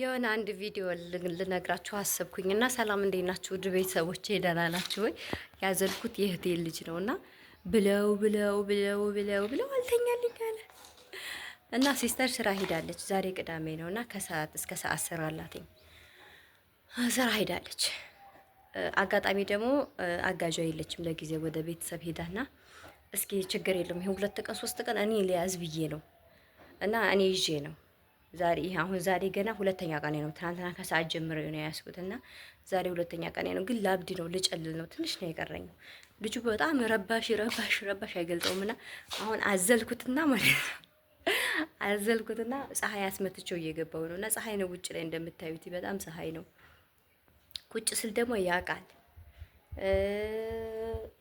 የሆነ አንድ ቪዲዮ ልነግራችሁ አሰብኩኝ እና ሰላም እንዴት ናችሁ? ውድ ቤተሰቦቼ ደህና ናችሁ ወይ? ያዘልኩት የእህቴ ልጅ ነው እና ብለው ብለው ብለው ብለው ብለው አልተኛልኝ አለ እና ሲስተር ስራ ሄዳለች። ዛሬ ቅዳሜ ነው እና ከሰዓት እስከ ሰዓት ስራ አላትኝ ስራ ሄዳለች። አጋጣሚ ደግሞ አጋዣ የለችም ለጊዜ ወደ ቤተሰብ ሄዳና እስኪ ችግር የለም ይሄ ሁለት ቀን ሶስት ቀን እኔ ሊያዝ ብዬ ነው እና እኔ ይዤ ነው ዛሬ ይሄ አሁን ዛሬ ገና ሁለተኛ ቀኔ ነው። ትናንትና ከሰዓት ጀምሮ ነው ያስኩትና ዛሬ ሁለተኛ ቀኔ ነው። ግን ላብድ ነው ልጨልል ነው። ትንሽ ነው የቀረኝ። ልጁ በጣም ረባሽ ረባሽ ረባሽ አይገልጠውም እና አሁን አዘልኩትና ማለት ነው አዘልኩትና ፀሐይ አስመትቸው እየገባው ነው። እና ፀሐይ ነው ውጭ ላይ እንደምታዩት በጣም ፀሐይ ነው። ቁጭ ስል ደግሞ ያውቃል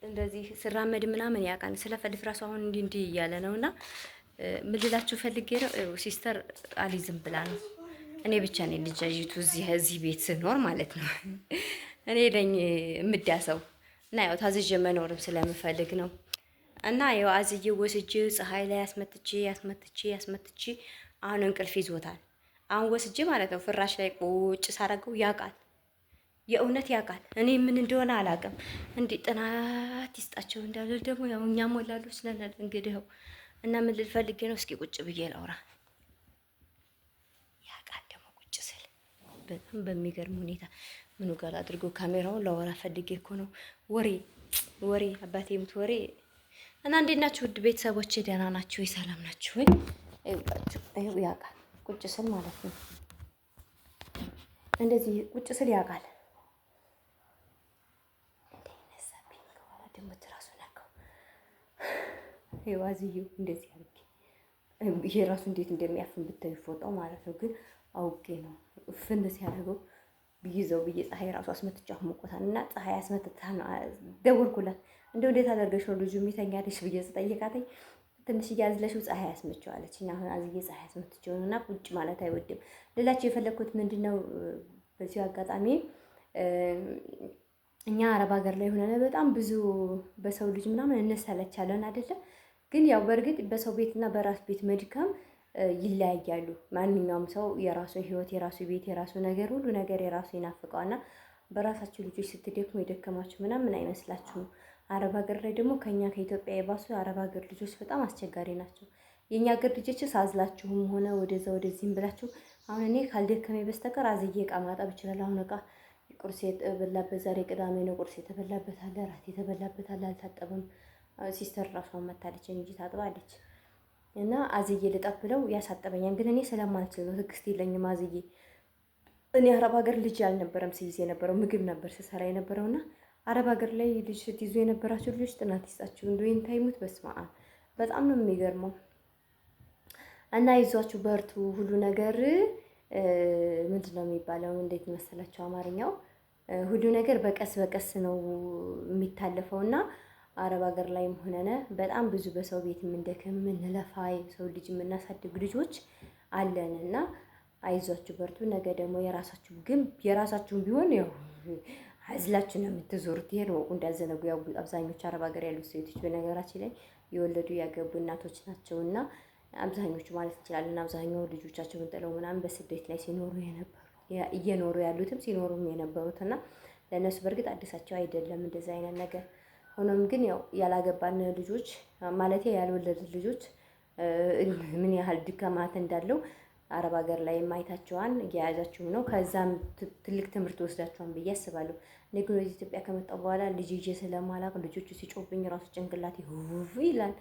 እንደዚህ ስራመድ ምናምን ያውቃል። ስለፈልፍ ራሱ አሁን እንዲህ እንዲህ እያለ እና ምልላችሁ ፈልጌ ነው። ሲስተር አሊዝም ብላ ነው። እኔ ብቻ ነኝ ልጃጅቱ እዚህ እዚህ ቤት ስኖር ማለት ነው። እኔ ደኝ የምዳሰው እና ያው ታዝዤ መኖርም ስለምፈልግ ነው። እና ያው አዝዬ ወስጄ ፀሐይ ላይ ያስመትቼ ያስመትቼ ያስመትቼ አሁን እንቅልፍ ይዞታል። አሁን ወስጄ ማለት ነው ፍራሽ ላይ ቁጭ ሳረገው ያውቃል፣ የእውነት ያውቃል። እኔ ምን እንደሆነ አላውቅም። እንዲህ ጥናት ይስጣቸው እንዳለ ደግሞ ያው እኛ ሞላሉ ስለናል እንግዲህ እና ምን ልል ነው? እስኪ ቁጭ ብዬ ላውራ። ያ ቃል ደግሞ ቁጭ ስል በጣም በሚገርም ሁኔታ ምኑ ጋር አድርጎ ካሜራውን ላወራ ፈልጌ እኮ ነው። ወሬ ወሬ አባቴ የምት ወሬ እና እንዴት ናችሁ ውድ ቤተሰቦቼ? ደህና ናችሁ? ሰላም ናችሁ ወይ? ያ ቁጭ ስል ማለት ነው እንደዚህ ቁጭ ስል ያውቃል ዋዝዬ እንደዚህ አድርጌ ይሄ ራሱ እንዴት እንደሚያፍን ብታይ ፎጣው ማለት ነው። ግን አውቄ ነው ፍን ሲያደርገው ብይዘው ብዬ ፀሐይ ራሱ አስመትቻ ሞቆታል እና ፀሐይ አስመትታ ነው ደወልኩላት። እንደው እንዴት አደርገሽ ነው ልጁ የሚተኛለሽ ብዬ ስጠይቃተኝ ትንሽ እያዝለሽው ፀሐይ አስመቸው አለች። እና አሁን አዝዬ ፀሐይ አስመትቸው እና ቁጭ ማለት አይወድም። ሌላቸው የፈለግኩት ምንድን ነው በዚሁ አጋጣሚ እኛ አረብ ሀገር ላይ ሆነን በጣም ብዙ በሰው ልጅ ምናምን እንሰለቻለን አይደለም ግን ያው በእርግጥ በሰው ቤትና በራስ ቤት መድከም ይለያያሉ። ማንኛውም ሰው የራሱ ህይወት፣ የራሱ ቤት፣ የራሱ ነገር፣ ሁሉ ነገር የራሱ ይናፍቀዋልና በራሳቸው ልጆች ስትደክሙ የደከማችሁ ምናምን አይመስላችሁም። አረብ ሀገር ላይ ደግሞ ከኛ ከኢትዮጵያ የባሱ የአረብ ሀገር ልጆች በጣም አስቸጋሪ ናቸው። የእኛ ሀገር ልጆች ሳዝላችሁም ሆነ ወደዛ ወደዚህም ብላችሁ አሁን እኔ ካልደከመ በስተቀር አዝዬ እቃ ማጠብ ይችላል። አሁን እቃ ቁርስ የበላበት ዛሬ ቅዳሜ ነው። ቁርስ የተበላበት አለ፣ ራት የተበላበት አለ፣ አልታጠበም ሲስተር ራሷ መታለች እንጂ ታጥባለች። እና አዝዬ ልጠብለው ያሳጠበኛል። ግን እኔ ስለማልችል ነው፣ ትዕግስት የለኝም። አዝዬ እኔ አረብ ሀገር ልጅ አልነበረም ስይዝ የነበረው ምግብ ነበር ስሰራ የነበረው። የነበረውና አረብ ሀገር ላይ ልጅ ስትይዙ የነበራችሁ ልጆች ጥናት ይስጣችሁ። እንደወይን ታይሙት በስመ አብ በጣም ነው የሚገርመው። እና ይዟችሁ በርቱ። ሁሉ ነገር ምንድን ነው የሚባለው? እንዴት መሰላችሁ አማርኛው ሁሉ ነገር በቀስ በቀስ ነው የሚታለፈው እና አረብ ሀገር ላይም ሆነነ በጣም ብዙ በሰው ቤት የምንደክም የምንለፋ ሰው ልጅ የምናሳድግ ልጆች አለን እና አይዟችሁ በርቱ። ነገ ደግሞ የራሳችሁ ግን የራሳችሁን ቢሆን ያው አዝላችሁ ነው የምትዞሩት። ይሄ ነው እንዳዘነጉ። ያው አብዛኞቹ አረብ ሀገር ያሉ ሴቶች በነገራችን ላይ የወለዱ ያገቡ እናቶች ናቸው እና አብዛኞቹ ማለት እንችላለን አብዛኛው ልጆቻቸውን ጥለው ምናምን በስደት ላይ ሲኖሩ የነበሩ እየኖሩ ያሉትም ሲኖሩም የነበሩት እና ለእነሱ በእርግጥ አዲሳቸው አይደለም እንደዚ አይነት ነገር ሆኖም ግን ያው ያላገባን ልጆች ማለት ያልወለዱ ልጆች ምን ያህል ድካማት እንዳለው አረብ ሀገር ላይ ማየታቸዋን እያያዛችሁም ነው። ከዛም ትልቅ ትምህርት ወስዳቸዋን ብዬ አስባለሁ። እኔ ወደ ኢትዮጵያ ከመጣሁ በኋላ ልጅ ይዤ ስለማላቅ ልጆቹ ሲጮብኝ ራሱ ጭንቅላት ይሁፍ ይላል።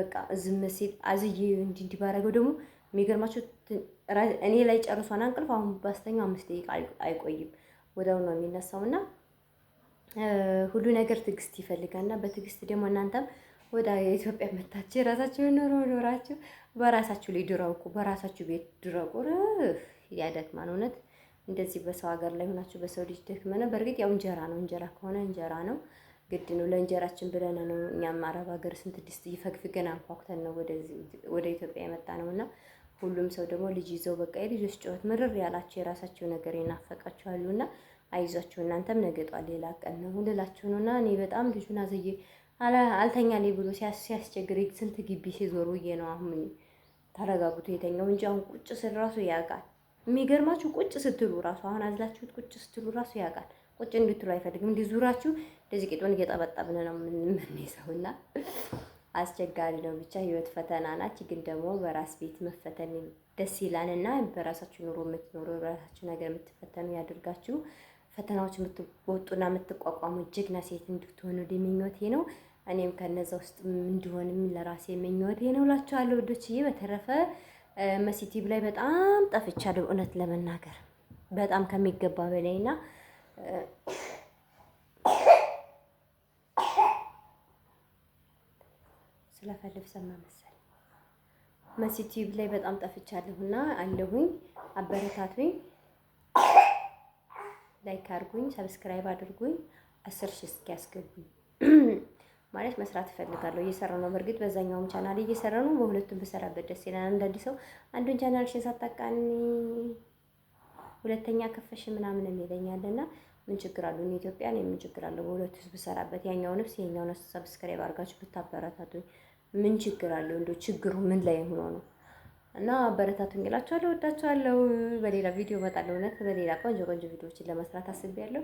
በቃ ዝም ሲል አዝዬ እንዲ እንዲባረገው ደግሞ የሚገርማቸው እኔ ላይ ጨርሷን አንቅልፍ አሁን ባስተኛው አምስት ደቂቃ አይቆይም ወዲያው ነው የሚነሳውና ሁሉ ነገር ትዕግስት ይፈልጋል እና በትዕግስት ደግሞ እናንተም ወደ ኢትዮጵያ መታችሁ የራሳችሁን ኑሮ ኑራችሁ በራሳችሁ ላይ ድረቁ፣ በራሳችሁ ቤት ድረቁ። ያደክማል እውነት እንደዚህ በሰው ሀገር ላይ ሆናችሁ በሰው ልጅ ደክመነ። በእርግጥ ያው እንጀራ ነው፣ እንጀራ ከሆነ እንጀራ ነው፣ ግድ ነው። ለእንጀራችን ብለን ነው እኛም አረብ ሀገር ስንት ድስት ይፈግፍገን አንኳኩተን ነው ወደ ኢትዮጵያ የመጣ ነው እና ሁሉም ሰው ደግሞ ልጅ ይዘው በቃ የልጆች ጨዋታ ምርር ያላችሁ የራሳችሁ ነገር ይናፈቃችኋሉ እና አይዟችሁ እናንተም ነገጧል ሌላ ቀን ነው ልላችሁ ነው። እና እኔ በጣም ልጁን አዘየ አልተኛ ላይ ብሎ ሲያስቸግር ስንት ግቢ ሲዞር ውዬ ነው አሁን ተረጋግቶ የተኛው እንጂ አሁን ቁጭ ስል ራሱ ያውቃል። የሚገርማችሁ ቁጭ ስትሉ ራሱ አሁን አዝላችሁት ቁጭ ስትሉ ራሱ ያውቃል። ቁጭ እንድትሉ አይፈልግም። እንዲዙራችሁ እንደዚህ ቂጡን እየጠበጠብን ነው የምንመኔሰው እና አስቸጋሪ ነው። ብቻ ህይወት ፈተና ናች። ግን ደግሞ በራስ ቤት መፈተን ደስ ይላል እና በራሳችሁ ኑሮ የምትኖሩ በራሳችሁ ነገር የምትፈተኑ ያድርጋችሁ። ፈተናዎች የምትወጡና የምትቋቋሙ ጀግና ሴት እንድትሆኑ ምኞቴ ነው። እኔም ከነዛ ውስጥ እንዲሆንም ለራሴ ምኞቴ ነው እላችኋለሁ ውዶችዬ። በተረፈ መሲቲቭ ላይ በጣም ጠፍቻለሁ፣ እውነት ለመናገር በጣም ከሚገባ በላይ በላይና ስለፈልግ ሰማ መሰል መሲቲቭ ላይ በጣም ጠፍቻለሁና አለሁኝ፣ አበረታቱኝ። ላይክ አድርጉኝ፣ ሰብስክራይብ አድርጉኝ። አስር ሺህ እስኪ ያስገቡኝ ማለት መስራት እፈልጋለሁ። እየሰራ ነው። በእርግጥ በዛኛውም ቻናል እየሰራ ነው። በሁለቱም ብሰራበት ደስ ይላል። አንዳንድ ሰው አንዱን ቻናልሽን ሳታቃኒ ሁለተኛ ከፈሽ ምናምን የሚለኛልና ምን ችግር አለው? እኔ ኢትዮጵያ ነኝ። ምን ችግር አለው? በሁለቱ ውስጥ ብሰራበት ያኛውን ነፍስ ይሄኛውን ሰብስክራይብ አድርጋችሁ ብታበረታቱኝ ምን ችግር አለው? እንዶ ችግሩ ምን ላይ ሆኖ ነው? እና አበረታቱኝ እላችኋለሁ። ወዳችኋለሁ። በሌላ ቪዲዮ እመጣለሁ። እውነት በሌላ ቆንጆ ቆንጆ ቪዲዮዎችን ለመስራት አስቤያለሁ።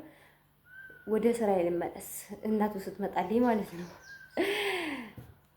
ወደ ስራ ልመለስ፣ እናቱ ስትመጣልኝ ማለት ነው።